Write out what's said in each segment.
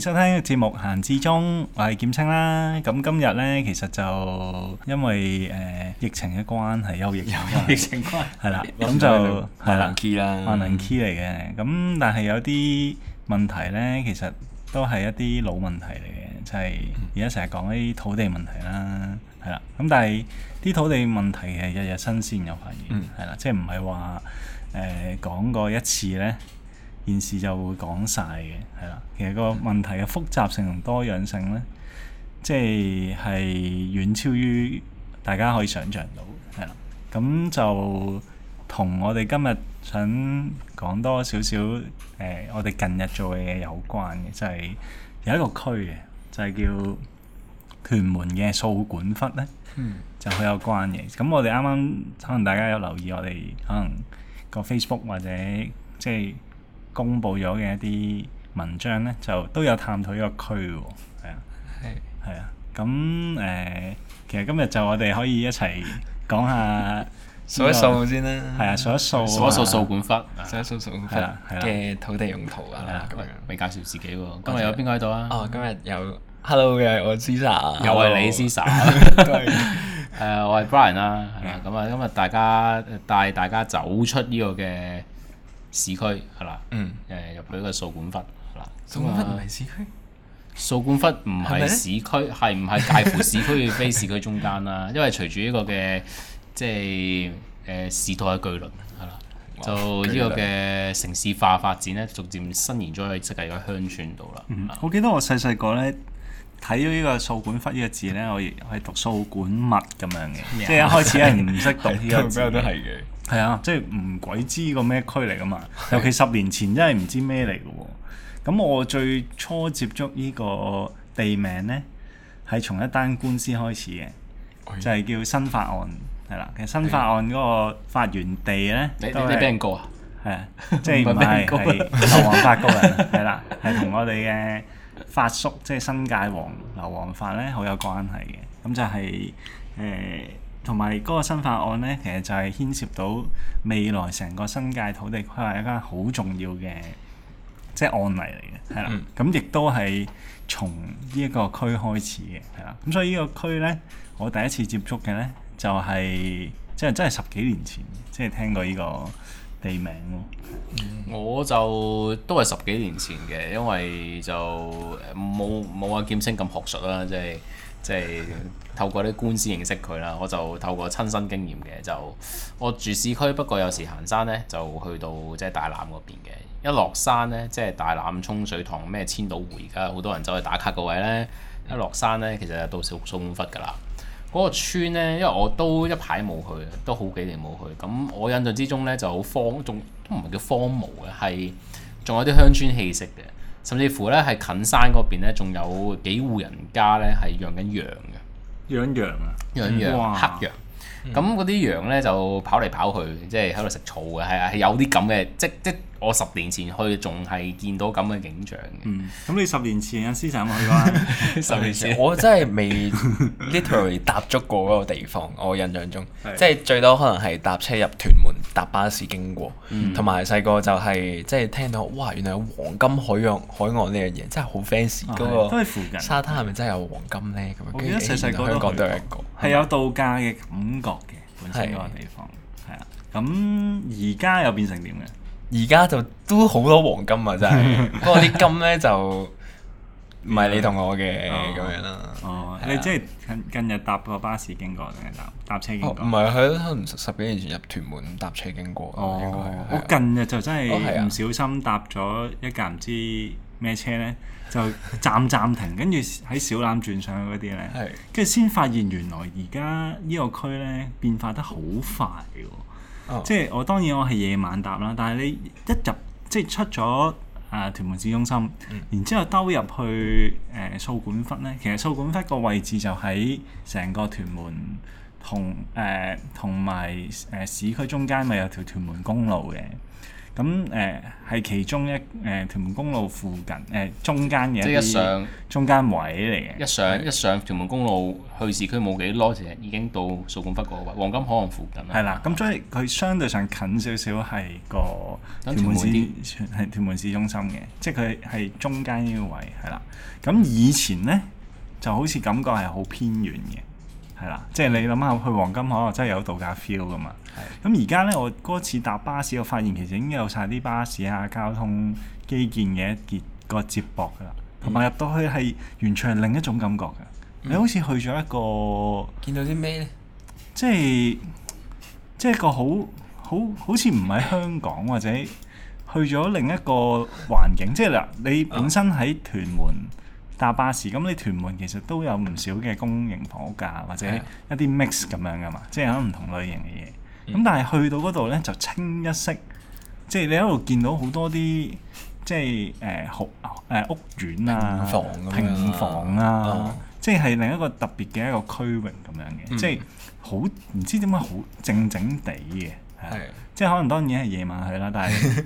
收聽嘅節目閒之中，我係劍青啦。咁今日咧，其實就因為誒疫情嘅關係，又疫又疫情關係啦。咁就係啦，萬能 key 啦，萬能 key 嚟嘅。咁但係有啲問題咧，其實都係一啲老問題嚟嘅，就係而家成日講啲土地問題啦。係啦，咁但係啲土地問題係日日新鮮又發現，係啦，即係唔係話誒講過一次咧。件事就會講晒嘅，係啦。其實個問題嘅複雜性同多樣性咧，即係係遠超於大家可以想像到，係啦。咁就同我哋今日想講多少少誒，我哋近日做嘅嘢有關嘅，就係、是、有一個區嘅，就係、是、叫屯門嘅掃管忽掃管笏咧，嗯、就好有關嘅。咁我哋啱啱可能大家有留意我，我哋可能個 Facebook 或者即係。公布咗嘅一啲文章咧，就都有探討呢個區喎、哦，係啊，係是，係啊，咁、嗯、誒，其實今日就我哋可以一齊講一下數一數先啦，係啊，啊，數一數，數一數掃管笏，啊、數一數掃管笏嘅土地用途啊，咁未、啊、樣介紹自己喎，今日有邊個喺度啊？哦，今日有 Hello 嘅我 Cisa，又係你 Cisa，啊，我係 Brian 啦，係啦，咁啊，今日大家帶大家走出呢個嘅。市區係啦，誒入去個掃管笏係啦。掃管笏唔係市區，掃管笏唔係市區，係唔係介乎市區與非市區中間啦？因為隨住呢個嘅即係誒市道嘅巨輪係啦，就呢個嘅城市化發展咧，逐漸伸延咗去即係個鄉村度啦。我記得我細細個咧睇咗呢個掃管笏呢個字咧，我亦係讀掃管物咁樣嘅，即係一開始係唔識讀，佢比都係嘅。係啊，即係唔鬼知個咩區嚟噶嘛？啊、尤其十年前真係唔知咩嚟嘅喎。咁我最初接觸呢個地名咧，係從一單官司開始嘅，哎、呀就係叫新法案係啦。其實、啊、新法案嗰個發源地咧，都係俾人告啊，係是啊，啊啊即係唔係係劉皇發告人係啦，係同我哋嘅發叔即係新界王劉皇發咧好有關係嘅。咁就係、是、誒。呃。同埋嗰個新法案咧，其實就係牽涉到未來成個新界土地規劃一間好重要嘅即係案例嚟嘅，係啦。咁亦都係從呢一個區開始嘅，係啦。咁所以呢個區咧，我第一次接觸嘅咧，就係、是、即係真係十幾年前，即係聽過呢個地名咯。我就都係十幾年前嘅，因為就冇冇阿劍星咁學術啦，即係。即係透過啲官司認識佢啦，我就透過親身經驗嘅，就我住市區，不過有時行山呢，就去到即係大欖嗰邊嘅。一落山呢，即係大欖涌水塘咩千島湖，而家好多人走去打卡嗰位呢，一落山呢，其實就到掃管笏㗎啦。嗰、嗰個村呢，因為我都一排冇去，都好幾年冇去。咁我印象之中呢，就好荒，仲都唔係叫荒蕪嘅，係仲有啲鄉村氣息嘅。甚至乎咧，係近山嗰邊咧，仲有幾戶人家咧羊，係養緊羊嘅，養羊啊，養羊黑羊。咁嗰啲羊咧就跑嚟跑去，即係喺度食草嘅，係啊，係有啲咁嘅，即即。我十年前去，仲係見到咁嘅景象嘅。咁你十年前阿思想有冇去過？十年前我真係未 literally 踏足過嗰個地方。我印象中，即係最多可能係搭車入屯門，搭巴士經過，同埋細個就係即係聽到哇，原來有黃金海洋海岸呢樣嘢，真係好 fancy 嗰個。都係附近沙灘係咪真係有黃金呢？咁樣。記得細細個香港都有一個係有度假嘅感覺嘅本身嗰個地方係啊。咁而家又變成點嘅？而家就都好多黃金， 金啊，真係！不過啲金咧就唔係你同我嘅咁樣啦。哦，你即係近近日搭個巴士經過定係搭搭車經過？唔係、哦，佢可能十十幾年前入屯門搭車經過。哦，我近日就真係唔小心搭咗一架唔知咩車咧，哦啊、就暫暫停，跟住喺小欖轉上去嗰啲咧。係的。跟住先發現，原來而家呢個區咧變化得好快哦、即係我當然我係夜晚搭啦，但係你一入即係出咗、啊、屯門市中心，然之後兜入去誒掃、呃、管笏咧，其實掃管笏個位置就喺成個屯門同誒同埋誒市區中間，咪有條屯門公路嘅。咁誒係其中一誒屯、呃、門公路附近誒、呃、中間嘅的，一上中間位嚟嘅。一上一上屯門公路去市區冇幾耐時已經到掃管笏嗰個位，黃金海岸附近啦。係啦，咁所以佢相對上近少少係個屯門市，係屯門市中心嘅，即係佢係中間呢個位係啦。咁以前咧就好似感覺係好偏遠嘅。係啦，即係你諗下去黃金海岸真係有度假 feel 噶嘛？咁而家咧，我嗰次搭巴士，我發現其實已經有晒啲巴士啊、交通基建嘅一,一個接駁噶啦，同埋入到去係完全係另一種感覺嘅。嗯、你好似去咗一個，見到啲咩咧？即係即係個好好好似唔喺香港或者去咗另一個環境，即係嗱，你本身喺屯門。啊搭巴士咁，你屯門其實都有唔少嘅公營房屋價，或者一啲 mix 咁樣噶嘛，即係喺唔同類型嘅嘢。咁、嗯、但係去到嗰度咧，就清一色，即、就、係、是、你喺度見到好多啲，即係誒好誒屋苑啊、平房啊，房啊啊即係係另一個特別嘅一個區域咁樣嘅，嗯、靜靜即係好唔知點解好靜靜地嘅，係即係可能當然係夜晚去啦，但係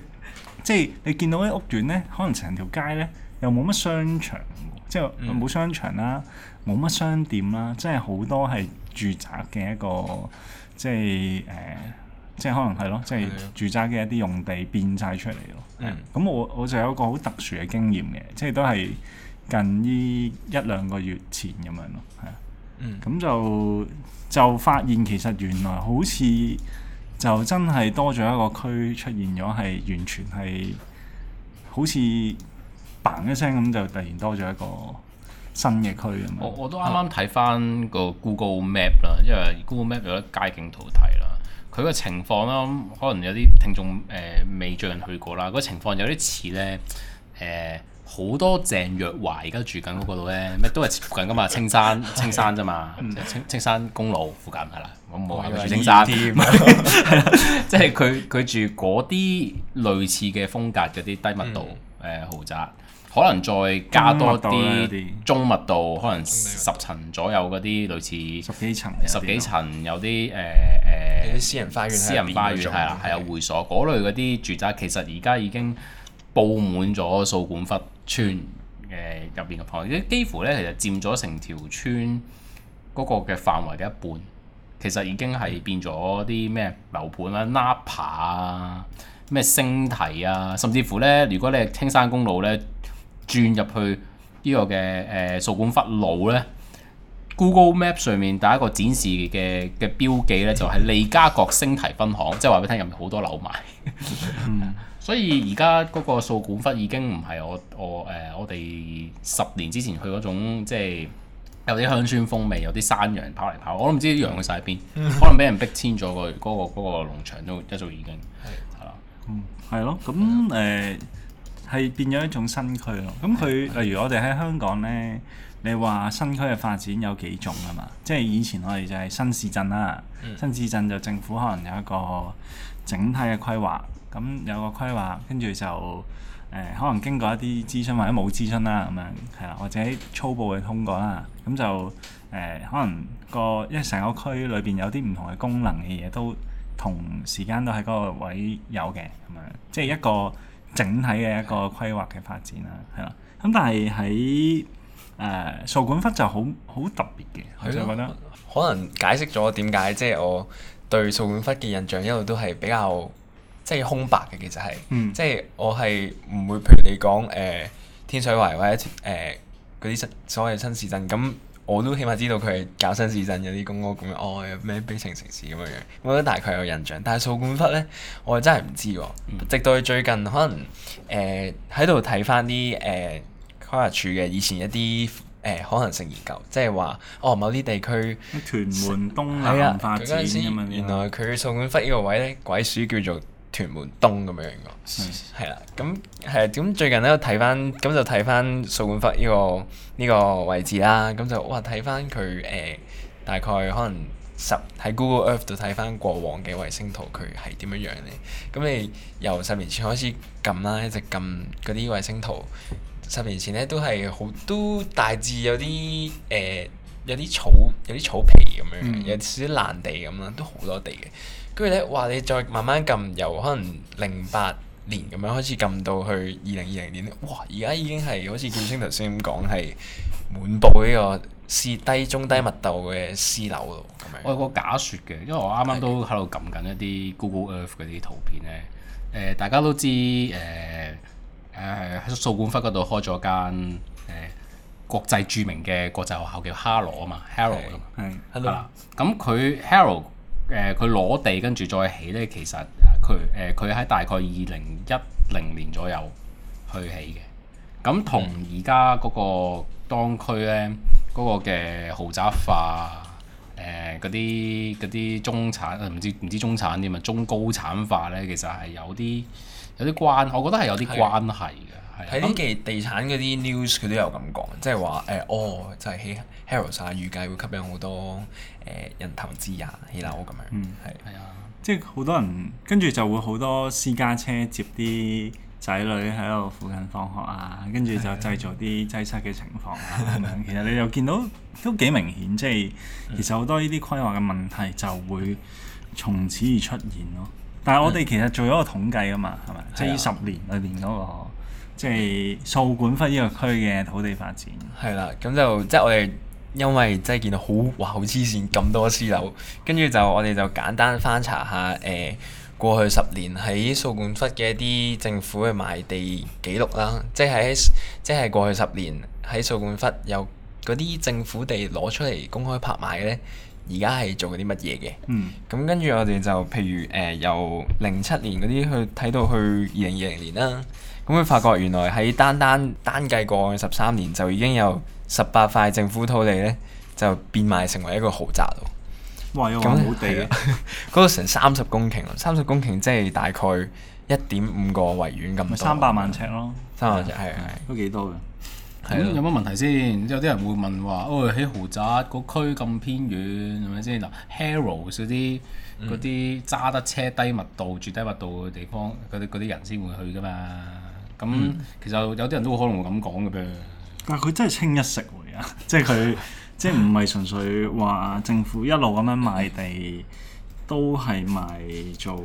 即係你見到啲屋苑咧，可能成條街咧又冇乜商場。 即係冇商場啦，冇乜商店啦，即係好多係住宅嘅一個，即係誒、呃，即係可能係咯，即係住宅嘅一啲用地變曬出嚟咯。咁、嗯、我我就有一個好特殊嘅經驗嘅，即係都係近呢一兩個月前咁樣咯，係啊、嗯。咁就就發現其實原來好似就真係多咗一個區出現咗，係完全係好似。嘭一聲咁就突然多咗一個新嘅區咁啊！我我都啱啱睇翻個 Google Map 啦，因為 Google Map 有啲街景圖睇啦。佢個情況啦，可能有啲聽眾誒未、呃、最近去過啦。個情況有啲似咧誒，好、呃、多鄭若驊而家住緊嗰度咧，咩都係附近噶嘛，青山 青山啫嘛，青青山公路附近係啦，我冇喺度住青山。係啦，即係佢佢住嗰啲類似嘅風格嗰啲低密度誒、嗯、豪宅。可能再加多啲中密度，些可能十層左右嗰啲類似十幾層、十幾層有啲誒誒，私人花園、私人花園係啦，係啊，會所嗰類嗰啲住宅，其實而家已經佈滿咗掃管笏村誒入邊嘅房，即係幾乎咧，其實佔咗成條村嗰個嘅範圍嘅一半。其實已經係變咗啲咩樓盤啊、Napa 啊，咩星堤啊，甚至乎咧，如果你係青山公路咧，轉入去個、呃、呢個嘅誒，數管忽路咧，Google Map 上面第一個展示嘅嘅標記咧，就係、是、利嘉閣星堤分行，即係話俾你聽入面好多樓賣、 嗯。所以而家嗰個掃管笏已經唔係我我誒，我哋、呃、十年之前去嗰種，即係有啲鄉村風味，有啲山羊跑嚟跑，我都唔知啲羊去晒邊，嗯、可能俾人逼遷咗佢嗰個、那個農、那個、場都一早已經係係啦。嗯，係咯、嗯，咁誒。的係變咗一種新區咯，咁佢例如我哋喺香港咧，你話新區嘅發展有幾種啊嘛？即係以前我哋就係新市鎮啦，新市鎮就政府可能有一個整體嘅規劃，咁有個規劃，跟住就誒、呃、可能經過一啲諮詢或者冇諮詢啦咁樣，係啦，或者粗暴嘅通過啦，咁就誒、呃、可能個因為成個區裏邊有啲唔同嘅功能嘅嘢都同時間都喺嗰個位有嘅咁樣，即係一個。整體嘅一個規劃嘅發展啦，係啦，咁但係喺誒掃管笏就好好特別嘅，的我就覺得可能解釋咗點解即係我對掃管笏嘅印象一路都係比較即係、就是、空白嘅，其實係，即係、嗯、我係唔會譬如你講誒、呃、天水圍或者誒嗰啲新所謂新市鎮咁。我都起碼知道佢搞新市鎮有啲公屋咁樣，哦，咩悲情城市咁樣樣，我都大概有印象。但係掃管笏咧，我係真係唔知喎、啊。嗯、直到最近，可能誒喺度睇翻啲誒規劃署嘅以前一啲誒、呃、可能性研究，即係話哦，某啲地區屯門東發展咁樣。原來佢掃管笏呢個位咧，鬼鼠叫做，屯門東咁樣樣、mm. 這個，係啊，咁係啊，咁最近咧睇翻，咁就睇翻掃管笏呢個呢個位置啦。咁就我睇翻佢誒大概可能十喺 Google Earth 度睇翻過往嘅衛星圖，佢係點樣樣咧？咁你由十年前開始撳啦，一直撳嗰啲衛星圖。十年前咧都係好都大致有啲誒、呃、有啲草有啲草皮咁樣，mm. 有少啲爛地咁啦，都好多地嘅。跟住咧，話你再慢慢撳，由可能零八年咁樣開始撳到去二零二零年咧，哇！而家已經係好似建星頭先咁講，係滿布呢個低中低密度嘅私樓咯。嗯、是是我有個假説嘅，因為我啱啱都喺度撳緊一啲 Google Earth 嗰啲圖片咧。誒、呃，大家都知誒誒，喺、呃、掃、呃、管笏嗰度開咗間誒國際著名嘅國際學校叫 Harrow 啊嘛，Harrow 啊嘛。係是。係是。係啦是，咁佢 Harrow。誒佢攞地，跟住再起咧，其實佢誒佢喺大概二零一零年左右去起嘅，咁同而家嗰個當區咧嗰個嘅豪宅化。誒嗰啲啲中產啊，唔知唔知中產點嘛，中高產化咧，其實係有啲有啲關，我覺得係有啲關係嘅。睇啲地地產嗰啲 news，佢都有咁講，即係話誒哦，就係喺 Heritage 預計會吸引好多誒、呃、人投資啊，起樓咁樣。嗯，係。係啊，即係好多人跟住就會好多私家車接啲。仔女喺度附近放學啊，跟住就製造啲擠塞嘅情況。 其實你又見到都幾明顯，即係其實好多呢啲規劃嘅問題就會從此而出現咯。但係我哋其實做咗個統計啊嘛，係咪、嗯？即係呢十年裏邊嗰個，即係掃管笏呢個區嘅土地發展。係啦，咁就即係我哋因為即係見到好哇好黐線咁多私樓，跟住就我哋就簡單翻查下誒。呃過去十年喺掃管笏嘅一啲政府嘅賣地記錄啦，即係即係過去十年喺掃管笏由嗰啲政府地攞出嚟公開拍賣嘅咧，而家係做緊啲乜嘢嘅？嗯，咁跟住我哋就譬如誒、呃、由零七年嗰啲去睇到去二零二零年啦，咁去、嗯、發覺原來喺單單單計過去十三年就已經有十八塊政府土地咧，就變賣成為一個豪宅咯。咁好地、啊，嗰度成三十公頃啊，三十公頃即係大概一點五個維園咁大。三百萬尺咯，三百萬尺係係都幾多嘅。咁有乜問題先？有啲人會問話：哦、哎，喺豪宅個區咁偏遠，係咪先？嗱 Harrow 嗰啲啲揸得車低密度、嗯、住低密度嘅地方，嗰啲啲人先會去㗎嘛。咁、嗯、其實有啲人都好可能咁講嘅噃。但係佢真係清一色喎，即係佢。 即係唔係純粹話政府一路咁樣賣地都係賣做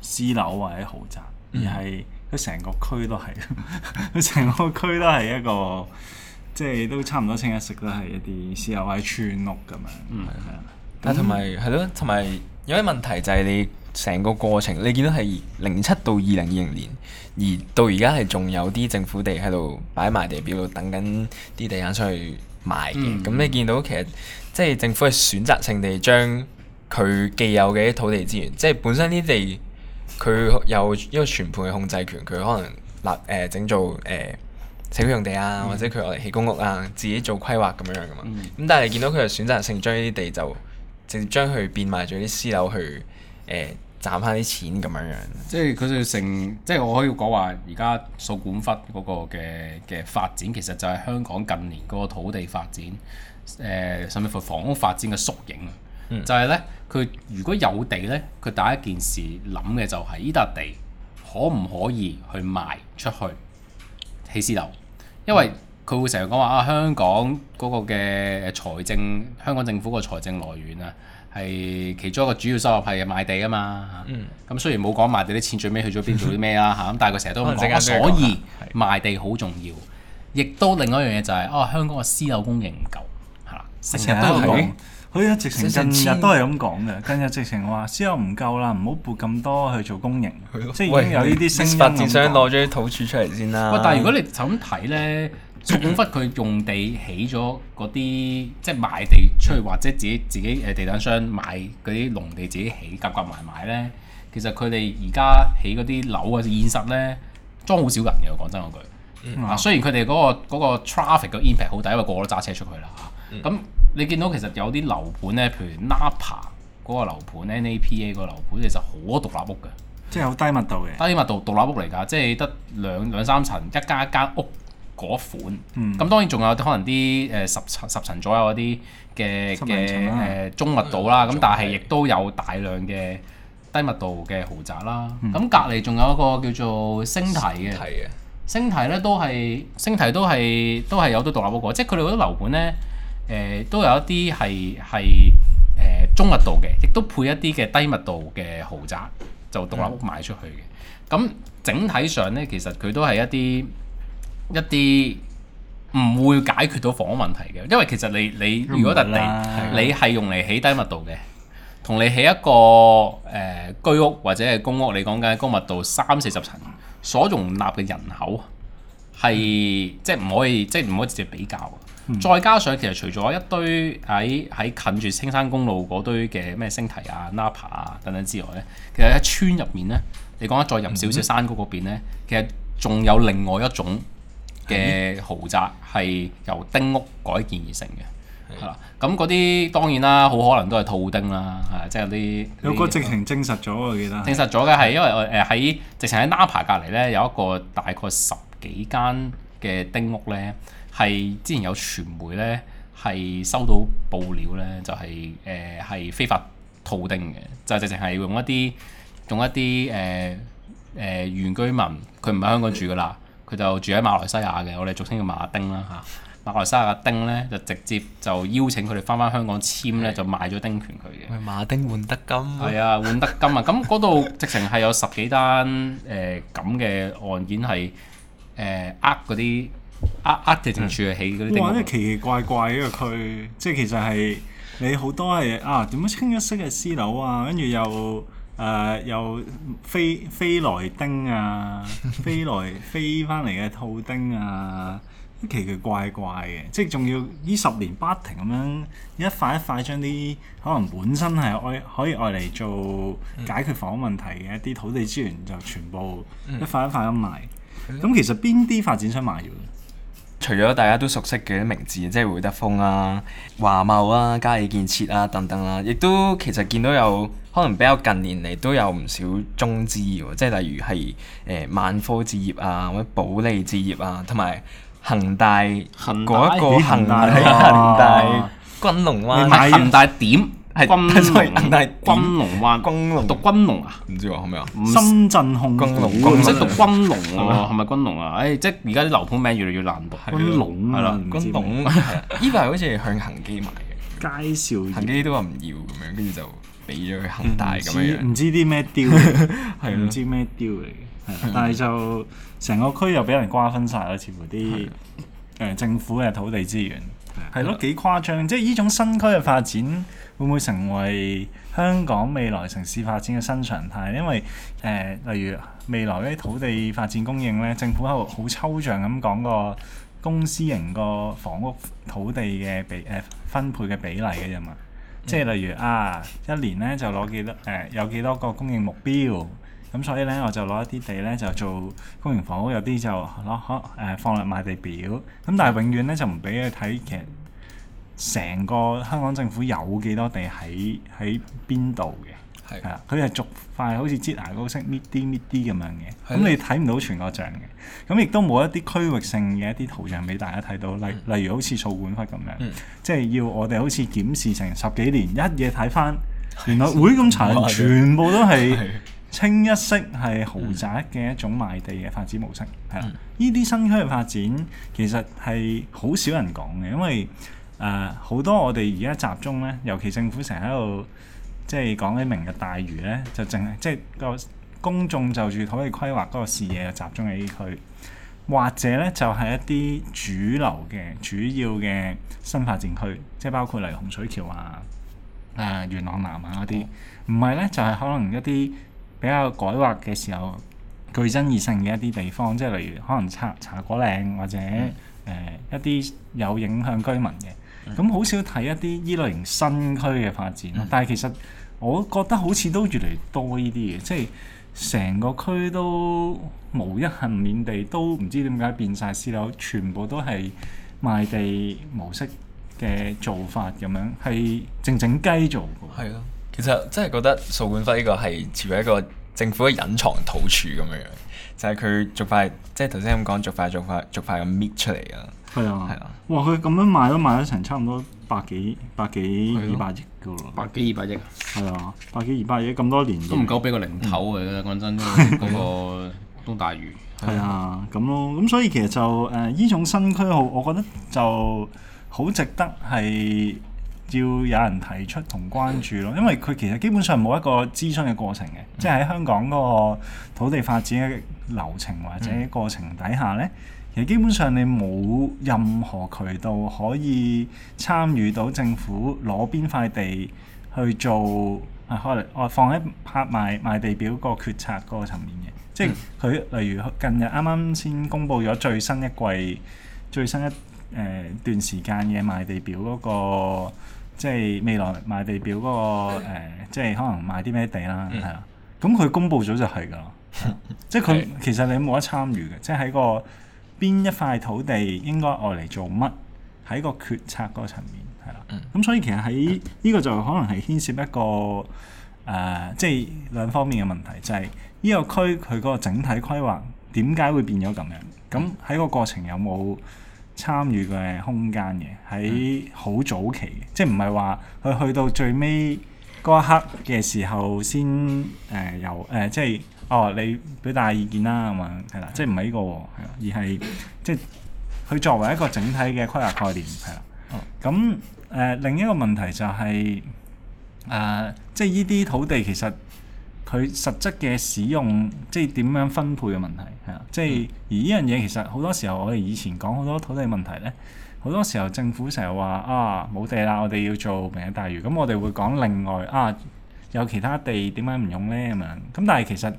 私樓或者豪宅，而係佢成個區都係，佢 成個區都係一個即係都差唔多清一色都係一啲私樓或者村屋咁樣。的嗯，係啊、嗯。但係同埋係咯，同埋有啲問題就係你成個過程，你見到係零七到二零二零年，而到而家係仲有啲政府地喺度擺埋地表度等緊啲地產出去。賣嘅，咁、嗯、你見到其實即係政府係選擇性地將佢既有嘅土地資源，即係本身呢地佢有一個全盤嘅控制權，佢可能立誒、呃、整做誒社區用地啊，或者佢攞嚟起公屋啊，自己做規劃咁樣樣噶嘛。咁但係你見到佢又選擇性將呢啲地就直接將佢變賣咗啲私樓去誒。呃賺翻啲錢咁樣樣，即係佢就成，即係我可以講話，而家數管忽嗰個嘅嘅發展，其實就係香港近年嗰個土地發展，誒、呃，甚至乎房屋發展嘅縮影。就係呢，佢如果有地呢，佢第一件事諗嘅就係呢笪地可唔可以去賣出去起私樓，因為佢會成日講話啊，香港嗰個嘅財政，香港政府個財政來源啊。係其中一個主要收入係賣地啊嘛，咁雖然冇講賣地啲錢最尾去咗邊做啲咩啦嚇，咁但係佢成日都講，所以賣地好重要，亦都另外一樣嘢就係哦，香港嘅私樓供應唔夠，係啦，成日都係直情，都係咁講嘅，跟日直情話私樓唔夠啦，唔好撥咁多去做供應，即係已經有呢啲聲音，咁想攞咗啲土儲出嚟先啦。喂，但係如果你咁睇咧。數百忽佢用地起咗嗰啲，即係賣地出去或者自己自己誒地產商買嗰啲農地自己夾起夾夾埋埋咧，其實佢哋而家起嗰啲樓啊現實咧裝好少人嘅，講真嗰句。嗯，雖然佢哋嗰個、嗰個、traffic 嘅 impact 好大，因為個個都揸車出去啦嚇。咁、嗯、你見到其實有啲樓盤咧，譬如 Napa 嗰個樓盤 NAPA 個,、嗰個樓盤其實好多獨立屋㗎，即係好低密度嘅，低密度獨立屋嚟㗎，即係得兩兩三層，一間一間屋。嗰款，咁當然仲有可能啲誒十層十層左右嗰啲嘅嘅誒中密度啦，咁但係亦都有大量嘅低密度嘅豪宅啦。咁隔離仲有一個叫做星堤嘅星堤咧、啊，體嗯、都係星堤都係都係有啲獨立屋個，即係佢哋嗰啲樓盤咧誒，都有一啲係係誒中密度嘅，亦都配一啲嘅低密度嘅豪宅就獨立屋賣、嗯、出去嘅。咁整體上咧，其實佢都係一啲。嗯一啲唔會解決到房屋問題嘅，因為其實你你如果特地你係用嚟起低密度嘅，同你起一個誒、呃、居屋或者係公屋，你講緊高密度三四十層所容納嘅人口係即係唔可以即係唔可以直接比較。嗯、再加上其實除咗一堆喺喺近住青山公路嗰堆嘅咩星堤啊、Napa 啊、等等之外咧，其實喺村入面咧，你講一再入少少山谷嗰邊咧，其實仲有另外一種。嘅豪宅係由丁屋改建而成嘅，係啦。咁嗰啲當然啦，好可能都係套丁啦，係即係啲有個直情證實咗，我記得證實咗嘅係，因為誒喺直情喺 NAPA 隔離咧，有一個大概十幾間嘅丁屋咧，係之前有傳媒咧係收到報料咧，就係誒係非法套丁嘅，就係直情係用一啲用一啲誒誒原居民，佢唔喺香港住噶啦。佢就住喺馬來西亞嘅，我哋俗稱叫馬丁啦嚇。馬來西亞丁咧就直接就邀請佢哋翻翻香港簽咧，就買咗丁權佢嘅。馬丁換得金，啊。係啊，換得金啊！咁嗰度直情係有十幾單誒咁嘅案件係誒呃嗰啲呃呃定係住係起嗰啲。哇！真係奇奇怪怪，呢個區，啊！佢即係其實係你好多係啊點樣清一色嘅私樓啊，跟住又。誒、呃、又飛飛來丁啊，飛 來飛翻嚟嘅兔丁啊，啲奇奇怪怪嘅，即係仲要呢十年不停咁樣一塊一塊將啲可能本身係外可以外嚟做解決房屋問題嘅一啲土地資源就全部一塊一塊咁賣。咁 其實邊啲發展商賣嘢除咗大家都熟悉嘅名字，即係會德豐啊、華懋啊、嘉里建設啊等等啦、啊，亦都其實見到有。可能比較近年嚟都有唔少中資喎，即係例如係誒萬科置業啊、或者保利置業啊，同埋恒大嗰一個恒大、恒大君龍灣。你買恒大點？係恒大君龍灣。君龍讀君龍啊？唔知喎，係咪啊？深圳控股君龍。唔識讀君龍喎？係咪君龍啊？誒，即係而家啲樓盤名越嚟越難讀。君龍係啦，君龍。呢個係好似向恒基買嘅。佳兆業。恒基都話唔要咁樣，跟住就。俾咗佢恒大咁唔、嗯、知啲咩雕，係唔知咩雕嚟嘅，但係就成個區又俾人瓜分晒咯，似乎啲誒的、呃、政府嘅土地資源係咯幾誇張，即係呢種新區嘅發展會唔會成為香港未來城市發展嘅新常態？因為誒、呃，例如未來啲土地發展供應咧，政府喺度好抽象咁講個公私營個房屋土地嘅比誒、呃、分配嘅比例嘅啫嘛。即係例如啊，一年咧就攞幾多誒、呃？有幾多個供應目標咁，所以咧我就攞一啲地咧就做公營房屋，有啲就攞可誒放落賣地表。咁但係永遠咧就唔俾你睇，其實成個香港政府有幾多地喺喺邊度嘅。係啊，佢係逐塊好似擠牙膏式，搣啲搣啲咁樣嘅，咁的你睇唔到全個像嘅，咁亦都冇一啲區域性嘅一啲圖像俾大家睇到，例例如好似掃管笏咁樣，的即係要我哋好似檢視成十幾年一夜睇翻，原來會咁殘，全部都係清一色係豪宅嘅一種賣地嘅發展模式，係啦的，呢啲的新區嘅發展其實係好少人講嘅，因為誒好、呃、多我哋而家集中咧，尤其政府成日喺度。即係講起明日大嶼咧，就淨係即係個公眾就住土地規劃嗰個視野，集中喺呢區，或者咧就係、是、一啲主流嘅、主要嘅新發展區，即係包括嚟洪水橋啊、誒、呃、元朗南啊嗰啲，唔係咧就係、是、可能一啲比較改劃嘅時候具爭議性嘅一啲地方，即係例如可能茶茶果嶺或者誒、嗯呃、一啲有影響居民嘅。咁好少睇一啲呢類型新區嘅發展，但係其實我覺得好似都越嚟越多呢啲嘢，即係成個區都無一幸免地都唔知點解變晒私樓，全部都係賣地模式嘅做法咁樣，係靜靜雞做嘅、嗯。係咯，其實真係覺得掃管笏呢個係成為一個政府嘅隱藏土儲咁樣樣。就係佢逐塊，即係頭先咁講，逐塊逐塊逐塊咁搣出嚟啊！係啊，係啊！哇，佢咁樣賣都賣咗成差唔多百幾百幾二百億嘅喎，百幾二百億係啊，啊，百幾二百億咁多年都唔夠俾個零頭嚟嘅，講、嗯、真嗰個東大嶼係 啊，咁咯，咁所以其實就誒呢、呃、種新區號，我覺得就好值得係要有人提出同關注咯，因為佢其實基本上冇一個諮詢嘅過程嘅，嗯、即係喺香港嗰個土地發展流程或者過程底下咧，其實基本上你冇任何渠道可以參與到政府攞邊塊地去做，可能我放喺拍賣賣地表個決策嗰個層面嘅，嗯、即係佢例如近日啱啱先公布咗最新一季、最新一誒、呃、段時間嘅賣地表嗰個，即係未來賣地表嗰個、呃、即係可能賣啲咩地啦，係啦、嗯，咁佢公布咗就係㗎。 即係佢，其實你冇得參與嘅，即係喺個邊一塊土地應該用嚟做乜？喺個決策嗰個層面係啦，咁、嗯、所以其實喺呢個就可能係牽涉一個誒，即係兩方面嘅問題，就係、是、呢個區佢嗰個整體規劃點解會變咗咁樣？咁喺、嗯、個過程有冇參與嘅空間嘅？喺好早期，嗯、即係唔係話佢去到最尾嗰一刻嘅時候先誒，由、呃、誒、呃、即係。哦，你俾大意見啦，係嘛？係啦，即係唔係呢個，係啦，而係即係佢作為一個整體嘅規劃概念，係啦。咁誒、哦呃，另一個問題就係、是、誒、呃，即係呢啲土地其實佢實質嘅使用，即係點樣分配嘅問題，係啦。即係而呢樣嘢其實好多時候，我哋以前講好多土地問題咧，好多時候政府成日話啊冇地啦，我哋要做明日大嶼，咁我哋會講另外啊。有其他地點解唔用咧咁樣？咁但係其實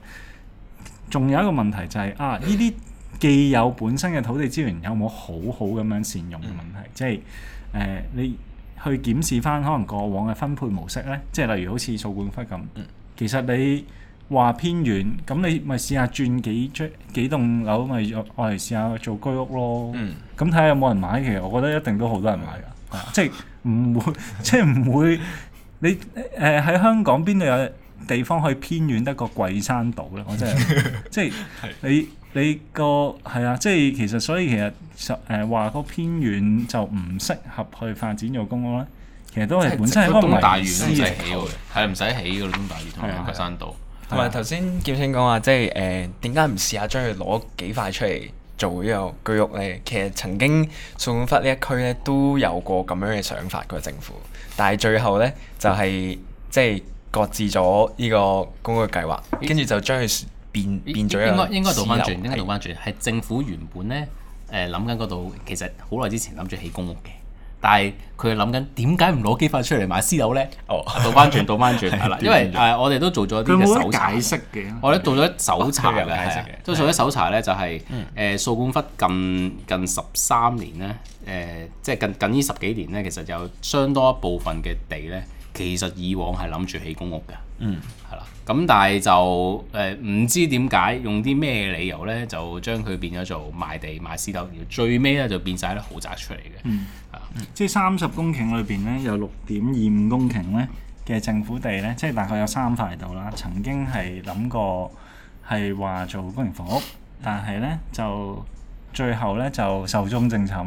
仲有一個問題就係、是、啊，呢啲既有本身嘅土地資源，有冇好好咁樣善用嘅問題？即係誒、呃，你去檢視翻可能過往嘅分配模式咧，即係例如好似掃管笏咁，其實你話偏遠，咁你咪試下轉幾張幾棟樓，咪我嚟試下做居屋咯。咁睇下有冇人買，其實我覺得一定都好多人買㗎、啊，即係唔會，即係唔會。 你誒喺、呃、香港邊度有地方可以偏遠得過桂山島咧？我真係， 即係你你個係啊！即係其實所以其實就誒話個偏遠就唔適合去發展做公屋咧。其實都係本身係東大嶼、嗯、啊，即係起㗎，係唔使起㗎東大嶼同埋桂山島。同埋頭先劍青講話，即係誒點解唔試下將佢攞幾塊出嚟做個呢個居屋咧？其實曾經掃管笏呢一區咧都有過咁樣嘅想法嘅政府。但係最後咧，就係、是、即係擱置咗呢個公屋計劃，跟住就將佢變變咗一個私樓。應該應該倒翻轉，應該倒翻轉，係政府原本咧，誒諗緊度，其實好耐之前諗住起公屋嘅。但係佢諗緊點解唔攞幾塊出嚟買私樓咧？哦，倒翻轉，倒翻轉係啦，因為誒我哋都做咗啲。佢冇解釋嘅。查釋我哋做咗搜查嘅，係啦。都的做咗搜查咧、就係，就係誒掃管笏近近十三年咧，誒、呃、即係近近呢十幾年咧，其實有相當一部分嘅地咧，其實以往係諗住起公屋㗎。嗯，係啦。咁、嗯、但係就誒唔、呃、知點解用啲咩理由咧，就將佢變咗做賣地賣私樓，最尾咧就變晒啲豪宅出嚟嘅、嗯。嗯，啊，即係三十公頃裏邊咧，有六點二五公頃咧嘅、嗯、政府地咧，即係大概有三塊度啦，曾經係諗過係話做公營房屋，但係咧就最後咧就壽終正寢，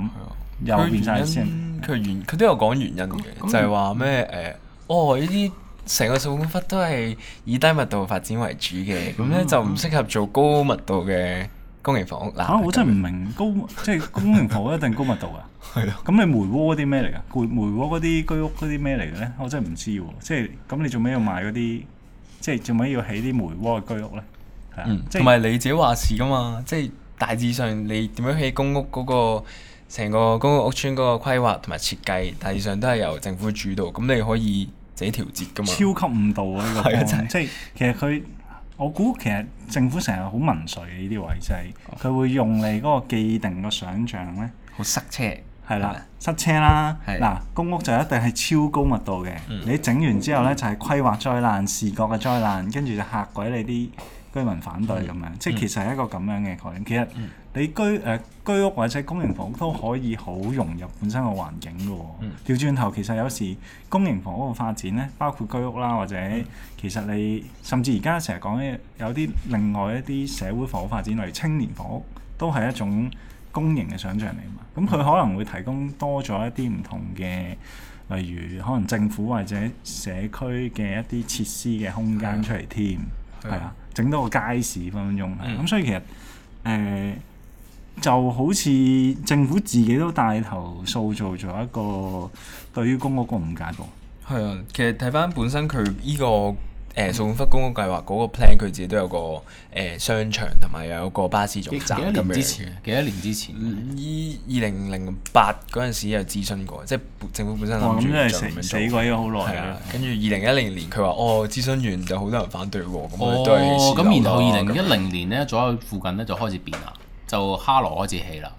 又、嗯、變曬先。佢原佢都有講原因嘅，嗯、就係話咩誒？哦，呢啲。成個掃管笏都係以低密度發展為主嘅，咁咧就唔適合做高密度嘅公營房屋嗱、啊，我真係唔明高，即係公營房屋一定高密度啊？係咯。咁你梅窩啲咩嚟㗎？梅煤窩嗰啲居屋嗰啲咩嚟嘅咧？我真係唔知喎、啊。即係咁，你做咩要買嗰啲？即係做咩要起啲梅窩嘅居屋咧？嗯，同埋、就是、你自己話事㗎嘛。即、就、係、是、大致上，你點樣起公屋嗰、那個成個公屋屋邨嗰個規劃同埋設計，大致上都係由政府主導。咁你可以，自己調節噶嘛，超級誤導啊！呢個 即係其實佢，我估其實政府成日好文緒嘅呢啲位置，就係佢會用嚟嗰個既定個想像咧，好塞車，係啦，吧塞車啦。嗱，公屋就一定係超高密度嘅。嗯、你整完之後咧就係、是、規劃災難視覺嘅災難，跟住就嚇鬼你啲居民反對咁樣，嗯、即係其實係一個咁樣嘅概念。嗯、其實你居誒、呃、居屋或者公營房屋都可以好融入本身嘅環境嘅喎、哦。調轉頭，其實有時公營房屋嘅發展咧，包括居屋啦，或者其實你甚至而家成日講嘅有啲另外一啲社會房屋發展，例如青年房屋，都係一種公營嘅想象嚟嘛。咁佢可能會提供多咗一啲唔同嘅，例如可能政府或者社區嘅一啲設施嘅空間出嚟添，係啊。整到個街市分分鐘，咁、嗯、所以其實誒、呃、就好似政府自己都帶頭塑造咗一個對於公屋個誤解噃。係啊，其實睇翻本身佢呢、呢個。誒，掃管笏公屋計劃嗰、那個 plan，佢自己都有個誒商場，同埋有個巴士總站咁，幾多年之前？幾多年之前？二二零零八嗰陣時有諮詢過，即係政府本身諗住就咁樣死鬼咗好耐。係、哦嗯、啊，跟住二零一零年佢話哦，諮詢完就好多人反對咁、啊、哦，咁然後二零一零年咧，左右附近咧就開始變啦，就哈羅開始起啦。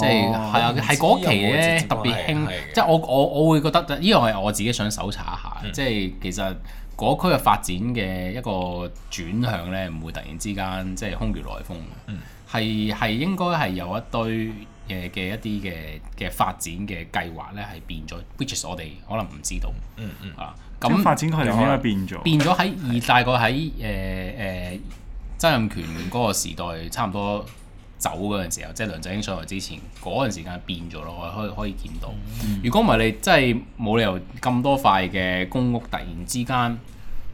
即係係啊，係嗰期咧特別興，的即係我我我會覺得，依樣係我自己想搜查一下。的即係其實嗰區嘅發展嘅一個轉向咧，唔會突然之間即係空穴來風嘅。嗯。嗯，係係應該係有一堆誒嘅一啲嘅嘅發展嘅計劃咧，係變咗，which is 我哋可能唔知道。嗯嗯啊，咁發展佢哋變咗變咗喺而大概喺誒誒曾蔭權嗰個時代差唔多。走嗰陣時候，即係梁振英上台之前嗰陣時間變咗咯，我可以可以見到。嗯、如果唔係你真係冇理由咁多塊嘅公屋突然之間，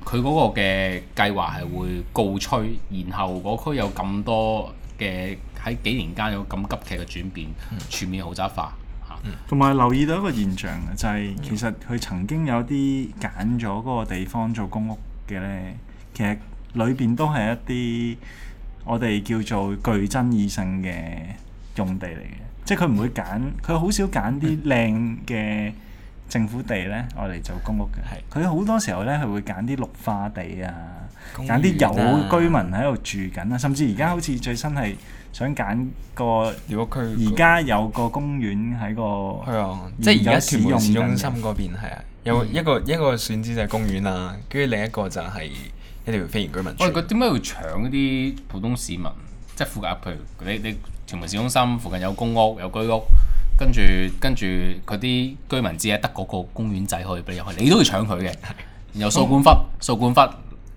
佢嗰個嘅計劃係會告吹，嗯、然後嗰區有咁多嘅喺幾年間有咁急劇嘅轉變，嗯、全面豪宅化同埋、嗯嗯、留意到一個現象就係、係，其實佢曾經有啲揀咗嗰個地方做公屋嘅呢，其實裏邊都係一啲。我哋叫做具爭議性嘅用地嚟嘅，即係佢唔會揀，佢好少揀啲靚嘅政府地咧，我哋嚟做公屋嘅。係是，佢好多時候咧係會揀啲綠化地啊，揀啲、啊、有居民喺度住緊啊，甚至而家好似最新係想揀個如果區，而家有個公園喺個係啊，即係而家市中心嗰邊係啊，有一個、嗯、一個選址就係公園啦，跟住另一個就係、是。一定會飛，移民居民。喂，佢點解要搶啲普通市民？即係附近，譬如你你，你，屯門市中心附近有公屋、有居屋，跟住跟住，佢啲居民只咧，得嗰個公園仔可以俾你入去，你都要搶佢嘅。然後掃管笏掃管笏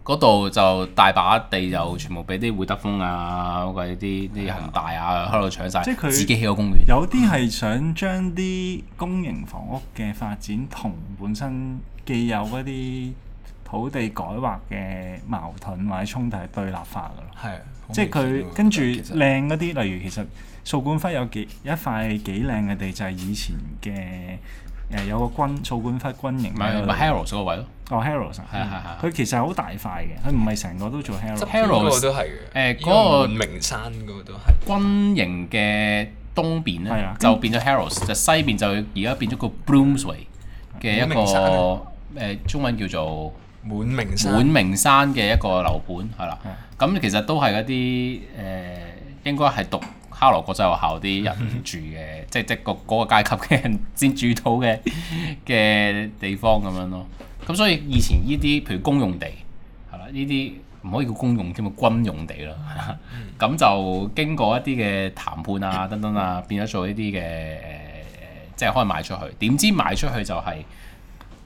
嗰度就大把地又全部俾啲會德豐啊，嗰啲啲恒大啊，喺度搶晒。嗯、即係佢自己起個公園。有啲係想將啲公營房屋嘅發展同本身既有嗰啲。 土地改劃嘅矛盾或者衝突係對立化噶咯，係即係佢跟住靚嗰啲，例如其實掃管笏有幾有一塊幾靚嘅地，就係以前嘅誒有個軍掃管笏軍營唔係唔係 Harrow 嗰個位咯，哦 Harrow 係係係佢其實好大塊嘅，佢唔係成個都做 Harrow Harrow 都係嘅誒嗰個名山嗰個都係軍營嘅東邊咧，就變咗 Harrow 就西邊就而家變咗個 Bloomsway 嘅一名個誒中文叫做。滿名山嘅一個樓盤係啦，咁其實都係一啲誒、呃，應該係讀哈羅國際學校啲人住嘅， 即即個嗰個階級嘅人先住到嘅嘅地方咁樣咯。咁所以以前呢啲譬如公用地係啦，呢啲唔可以叫公用添啊，軍用地啦。咁就經過一啲嘅談判啊、等等啊，變咗做呢啲嘅誒，即係可以賣出去。點知賣出去就係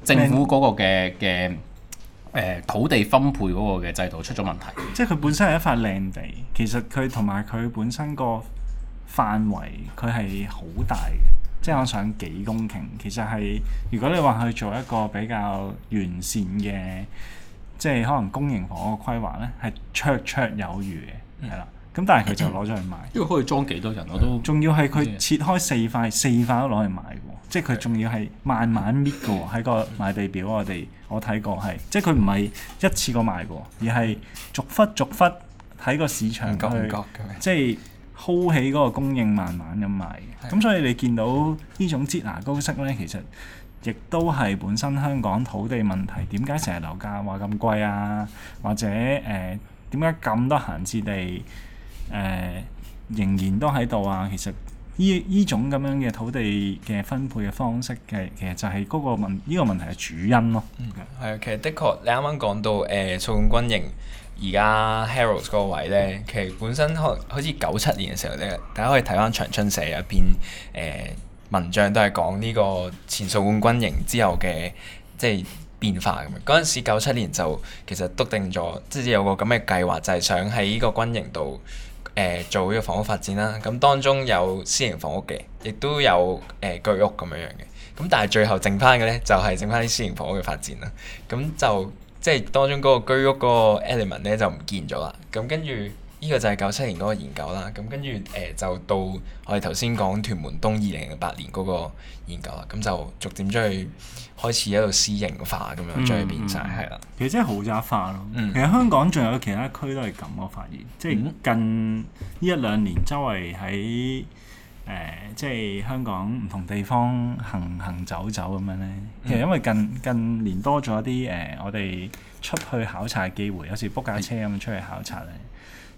政府嗰個嘅嘅。誒土地分配嗰個嘅制度出咗問題，即係佢本身係一塊靚地，其實佢同埋佢本身個範圍佢係好大嘅，即係我想幾公頃。其實係如果你話去做一個比較完善嘅，即係可能公營房嗰個規劃咧，係綽綽有餘嘅，係啦、嗯。咁但係佢就攞咗去賣，因為可以裝幾多人我都。仲要係佢切開四塊，四塊都攞去賣嘅，即係佢仲要係慢慢搣嘅，喺個賣地表我哋。我睇過係，即係佢唔係一次過賣嘅，而係逐忽逐忽睇個市場去，感覺即係 hold 起嗰個供應，慢慢咁賣的。咁是的 所以你見到種呢種擠牙膏式咧，其實亦都係本身香港土地問題，點解成日樓價話咁貴啊？或者誒點解咁多閒置地誒、呃、仍然都喺度啊？其實。依依種咁樣嘅土地嘅分配嘅方式嘅，其實就係嗰個問呢個問題嘅主因咯。嗯，係啊，其實的確，你啱啱講到誒掃管軍營而家 Harrow 嗰位咧，其實本身可好似九七年嘅時候咧，大家可以睇翻《長春社》入面一篇誒文章，都係講呢個前掃管軍營之後嘅即係變化咁。嗰陣時九七年就其實篤定咗，即、就、至、是、有個咁嘅計劃，就係、是、想喺呢個軍營度。誒做呢個房屋發展啦，咁當中有私營房屋嘅，亦都有誒、呃、居屋咁樣樣嘅，咁但係最後剩翻嘅咧，就係、是、剩翻啲私營房屋嘅發展啦，咁就即係當中嗰個居屋嗰個 element 咧就唔見咗啦，咁跟住。呢個就係九七年嗰個研究啦，咁跟住誒就到我哋頭先講屯門東二零零八年嗰個研究啦，咁就逐漸將佢開始一度私營化，咁樣將佢變晒，係啦、嗯，嗯、是其實真係豪宅化咯。嗯、其實香港仲有其他區都係咁，我發現即係近呢一兩年周圍喺誒即係香港唔同地方行行走走咁樣咧。其實因為近、嗯、近年多咗啲誒，我哋出去考察嘅機會，有時 book 架車咁出去考察咧。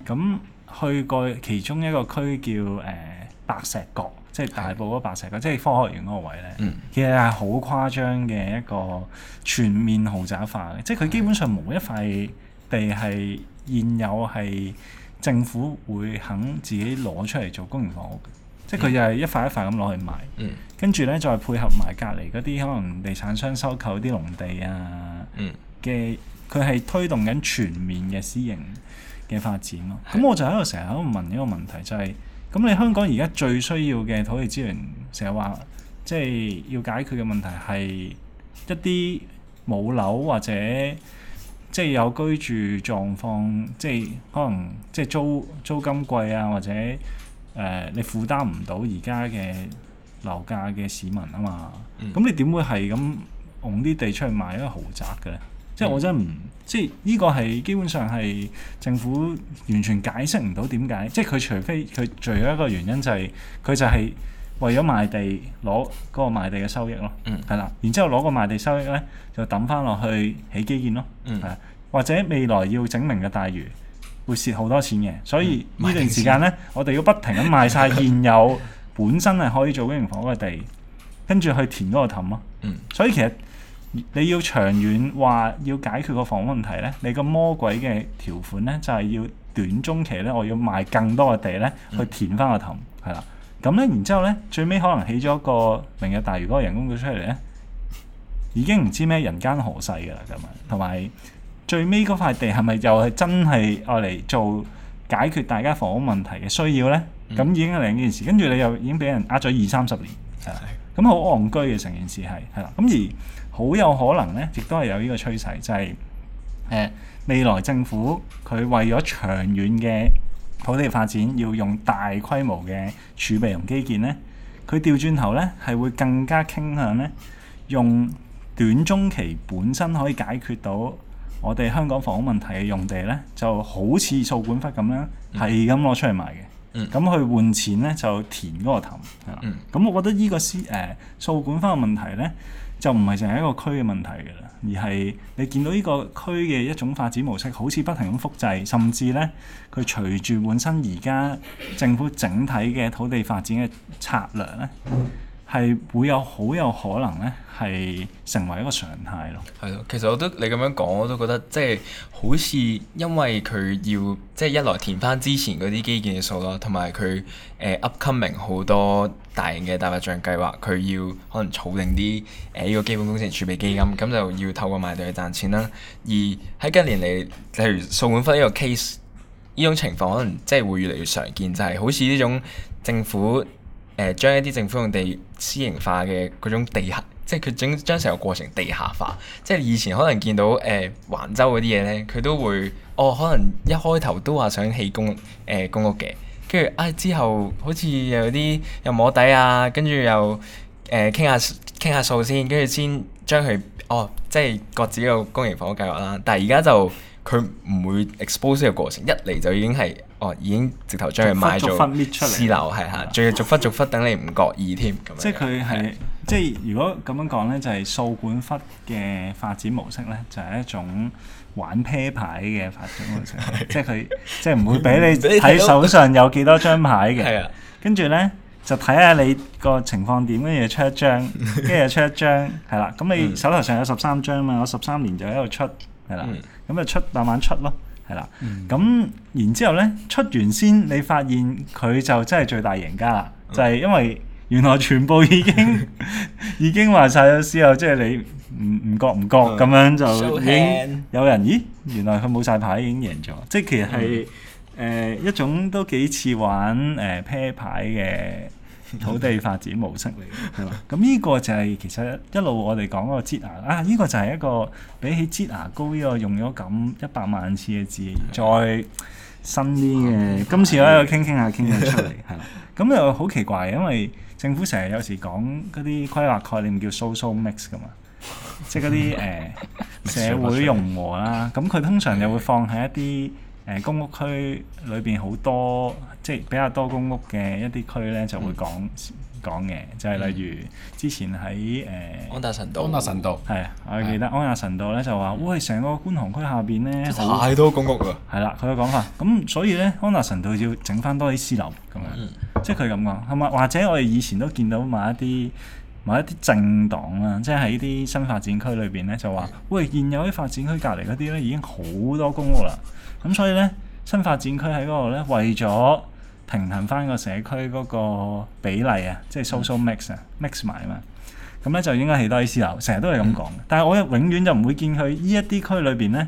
咁去過其中一個區叫誒、呃、白石角，即係大埔嗰白石角，是的 即係科學園嗰個位咧。嗯、其實係好誇張嘅一個全面豪宅化嘅，是的 即係佢基本上冇一塊地係現有係政府會肯自己攞出嚟做公營房屋嘅，嗯、即係佢又係一塊一塊咁攞去賣。跟住咧，再配合埋隔離嗰啲可能地產商收購啲農地啊嘅，佢係、嗯、推動緊全面嘅私，私營嘅發展咯，咁的我就喺度成日喺度問一個問題，就係、是、咁你香港而家最需要嘅土地資源，成日話即係要解決嘅問題係一啲冇樓或者即係、就是、有居住狀況，即、就、係、是、可能即係、就是、租租金貴啊，或者誒、呃、你負擔唔到而家嘅樓價嘅市民啊嘛，咁、嗯、你點會係咁攬啲地出去賣一個豪宅嘅？即係我真唔，即係呢個係基本上係政府完全解釋唔到點解。即係佢除非佢最一個原因就係佢就係為咗賣地攞嗰個賣地嘅收益咯，係啦、嗯。然之後攞個賣地收益咧，就抌翻落去起基建咯，嗯、或者未來要整明嘅大遇會蝕好多錢嘅。所以呢、嗯、段時間咧，嗯、我哋要不停咁賣晒現有本身係可以做經營房嘅地， 跟住去填嗰個氹咯。嗯、所以其實。你要長遠話要解決個房屋問題咧，你個魔鬼嘅條款咧就係、是、要短中期咧，我要賣更多嘅地咧，去填翻個氹，係啦。咁咧，然之後咧，最尾可能起咗個明日大嶼嗰個人工島出嚟咧，已經唔知咩人間何世㗎啦咁樣！同埋最尾嗰塊地係咪又係真係愛嚟做解決大家房屋問題嘅需要咧？咁、嗯、已經係兩件事，跟住你又已經俾人呃咗二三十年，係。咁好戇居嘅成件事係係啦，咁、嗯嗯、而好有可能咧，亦都係有呢個趨勢，就係、是、誒未來政府佢為咗長遠嘅土地發展要用大規模嘅儲備用基建咧，佢調轉頭咧係會更加傾向咧用短中期本身可以解決到我哋香港房屋問題嘅用地咧，就好似掃管笏咁樣，係咁攞出嚟賣嘅。咁去換錢咧，就填嗰個氹。咁、嗯、我覺得呢、呢個私誒掃管笏嘅問題咧，就唔係淨係一個區嘅問題嘅啦，而係你見到呢個區嘅一種發展模式，好似不停咁複製，甚至咧佢隨住本身而家政府整體嘅土地發展嘅策略咧。嗯係會有好有可能咧，係成為一個常態咯。係 咯樂，其實我都你咁樣講，我都覺得即係好似因為佢要即係一來填翻之前嗰啲基建嘅數啦，同埋佢誒 upcoming 好多大型嘅大白象計劃，佢要可能儲定啲誒呢個基本工程儲備基金，咁、嗯、就要透過賣地去賺錢啦。而喺近年嚟，例如掃管笏呢個 case，呢種情況可能即係會越嚟越常見，就係、是、好似呢種政府。誒、呃、將一啲政府用地私營化嘅嗰種地下，即係佢整將成個過程地下化。即係以前可能見到誒、呃、橫洲嗰啲嘢咧，佢都會哦，可能一開頭都話想起公誒公屋嘅，跟住啊之後好似有啲又摸底啊，跟住又誒傾、呃、下傾下數先，跟住先將佢哦即係各自個公營房屋計劃啦。但係而家就佢唔會 expose 呢個過程，一嚟就已經係。哦，已經直頭將佢賣做私樓係嚇，仲要逐忽逐忽等你唔覺意添。即係佢係即係如果咁樣講咧，就係掃管笏嘅發展模式咧，就係一種玩啤牌嘅發展模式。即係佢即係唔會俾你睇手上有幾多張牌嘅。係啊，跟住咧就睇下你個情況點，跟住出一張，跟住出一張，係啦。咁你手頭上有十三張嘛？我十三年就喺度出係啦，咁就出慢慢出咯。係啦，咁然之後咧出完先，你發現佢就真係最大贏家啦，就係、是、因為原來全部已經 已經話晒咗之後，即係你唔唔覺唔覺咁、嗯、樣就 Show him. 已經有人，咦，原來佢冇晒牌已經贏咗，即係其實係誒、 呃、一種都幾似玩誒啤、呃、牌嘅。土地發展模式嚟嘅，係嘛吧？咁呢個就係其實一路我哋講個擠牙啊，呢、呢個就係一個比起擠牙膏呢個用咗咁一百萬次嘅字，的再新啲嘅。的今次咧，傾傾下傾緊出嚟，係啦的。咁 又好奇怪，因為政府成日有時講嗰啲規劃概念叫 social mix 㗎嘛，即係嗰啲誒社會融和啦。咁佢通常又會放喺一啲，誒、呃、公屋區裏邊好多，即係比較多公屋嘅一啲區咧，就會講、嗯、講嘅，就係、是、例如之前喺誒、呃、安達臣道，安達臣道係、嗯，我記得安達臣道咧就話，喂，成個觀塘區下邊咧太多公屋啦，係啦，佢嘅講法。咁所以咧，安達臣道要整翻多啲私樓咁樣，即係佢咁講。係咪、嗯？或者我哋以前都見到某一啲某一啲政黨啦，即係喺啲新發展區裏邊咧，就話，喂，現有啲發展區隔離嗰啲咧已經好多公屋啦。嗯。咁所以咧，新發展區喺嗰度咧，為咗平衡翻個社區嗰個比例啊，即係 social mix 啊，mix 埋啊，咁、so、咧就應該多起多啲私樓，成日都係咁講。但係我永遠就唔會見佢依一啲區裏邊咧，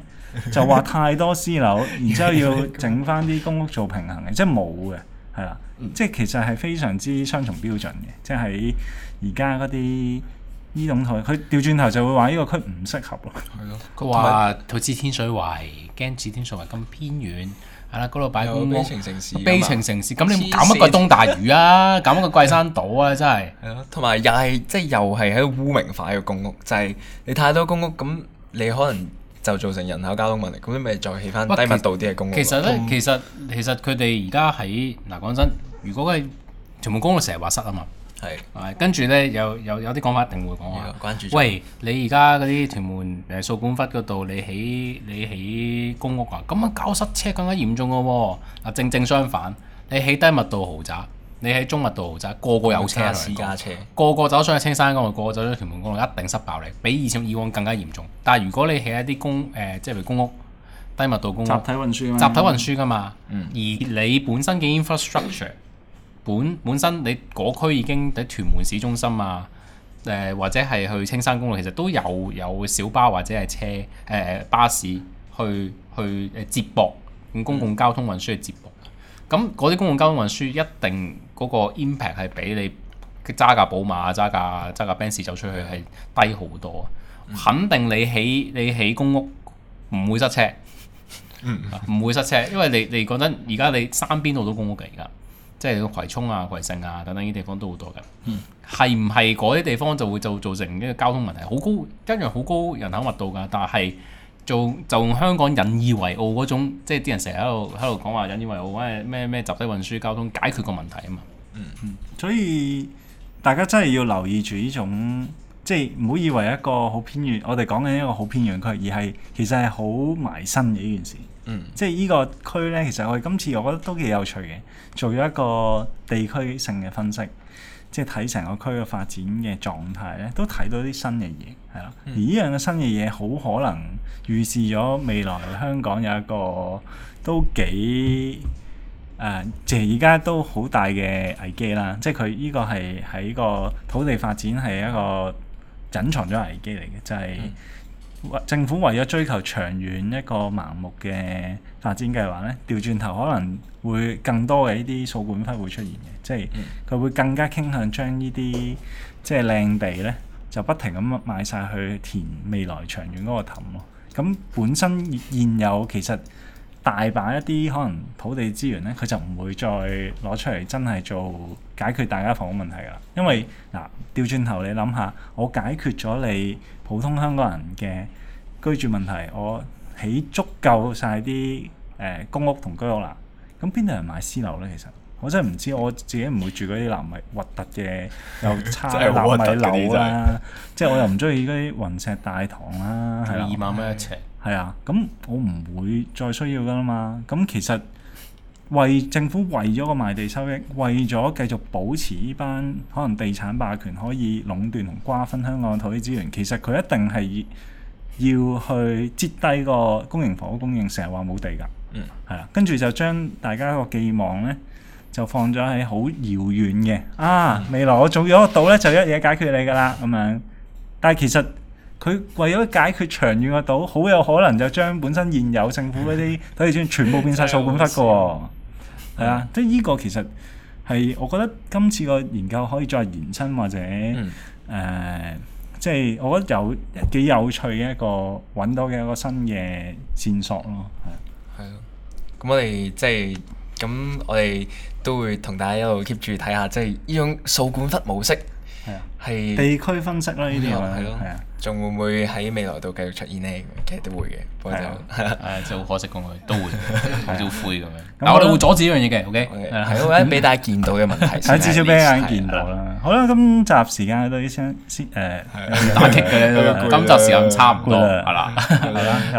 就話太多私樓， 然之後要整翻啲公屋做平衡嘅，即係冇嘅，係啦，嗯、即係其實係非常之雙重標準嘅，即係喺而家嗰啲。呢種佢佢調轉頭就會話呢個區唔適合。係咯哇，佢話佢似天水圍，驚似天水圍咁偏遠。係啦，嗰度擺公屋。悲情城市嘛。悲情城市，咁、啊、你唔揀一個東大嶼啊，揀一個桂山島啊，真係。係咯，同埋、就是、又係即係又係喺污名化嘅公屋，就係、是、你太多公屋，咁你可能就造成人口交通問題。咁你咪再起翻低密度啲嘅公屋。其實咧，其實那其實佢哋而家喺嗱講真，如果係全部公屋成日話塞啊嘛。係，是跟住咧，有有有啲講法，一定會講話。關注。喂，你而家嗰啲屯門誒掃管笏嗰度，你起你起公屋啊？咁樣搞塞車更加嚴重嘅喎。嗱，正正相反，你起低密度豪宅，你喺中密度豪宅，個個有車，車私家車個個，個個走上去青山公路，個個走上去屯門公路，嗯、一定塞爆你，比以前以往更加嚴重。但係如果你起一啲公誒、呃，即係公屋低密度公屋，集體運輸，集體運輸㗎嘛。嗯、而你本身嘅 infrastructure。 本本身你嗰、那個、區已經喺屯門市中心啊，誒、呃、或者係去青山公路，其實都有有小巴或者係車誒、呃、巴士去去誒接駁公共交通運輸去接駁。咁嗰啲公共交通運輸一定嗰個 impact 係比你揸架寶馬、揸架揸架 Benz 走出去係低好多。嗯、肯定你起你起公屋唔會塞車，唔會塞車， 因為你你覺得，而家你山邊度都公屋嘅而家。即係葵涌啊、葵盛啊等等依啲地方都好多嘅，係唔係嗰啲地方就會就造成呢個交通問題？好高，跟住好高人口密度㗎，但係做就，就香港引以為傲嗰種，即係啲人成日喺度喺度講話引以為傲，咩咩咩集體運輸交通解決個問題啊嘛。嗯嗯，所以大家真係要留意住呢種，即係唔好以為一個好偏遠，我哋講緊一個好偏遠區，而係其實係好埋身嘅呢件事。嗯、即係呢個區咧，其實我哋今次我覺得都幾有趣嘅，做咗一個地區性嘅分析，即係睇成個區嘅發展嘅狀態咧，都睇到啲新嘅嘢，係啦。嗯、而呢樣嘅新嘅嘢，好可能預示咗未來香港有一個都幾誒、呃，即係而家都好大嘅危機啦。即係佢呢個係喺個土地發展係一個隱藏咗危機嚟嘅，就係、是。嗯政府為咗追求長遠一個盲目嘅發展計劃咧，調轉頭可能會更多嘅呢啲掃管笏會出現嘅，即係佢會更加傾向將呢啲即係靚地咧，就不停咁賣晒去填未來長遠嗰個氹咯。咁本身現有其實大把一啲可能土地資源咧，佢就唔會再攞出嚟真係做解決大家房屋問題噶啦。因為嗱，調轉頭你諗下，我解決咗你。普通香港人嘅居住問題，我起足夠晒啲誒公屋同居屋啦。咁邊度人買私樓咧？其實我真係唔知，我自己唔會住嗰啲南米核突嘅又差爛泥樓啦。 即係我又唔中意嗰啲雲石大堂啦。仲 二萬蚊一尺。係啊，咁我唔會再需要噶啦嘛。咁其實。為政府為咗個賣地收益，為咗繼續保持呢班可能地產霸權可以壟斷同瓜分香港土地資源，其實佢一定係要去節低個公營房屋供應，成日話冇地噶，嗯，係啦，跟住就將大家個寄望咧就放咗喺好遙遠嘅啊未來，我做咗個島咧就一嘢解決你噶啦咁樣，但係其實佢為咗解決長遠個島，好有可能就將本身現有政府嗰啲土地資源全部變晒數本法噶喎。嗯 係啊，即係呢個其實係，我覺得今次個研究可以再延伸或者誒、嗯呃，即係我覺得有幾有趣嘅一個揾到嘅一個新嘅線索咯，係啊。係咯，咁我哋即係咁，我哋都會同大家一路 keep 住睇下，即係呢種掃管笏模式。係地區分析啦，呢啲係咯，係啊，仲會唔會喺未來度繼續出現呢？其實都會嘅，不過就係就好可惜講句，都會好招灰咁樣。嗱，我哋會阻止呢樣嘢嘅，OK？係啦，俾大家見到嘅問題，係至少俾大家見到啦。好啦，今集時間都啲先誒，打擊佢，今集時間差唔多，係啦，係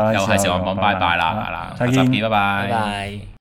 啦，又係時候講拜拜啦，係啦，再見，拜拜。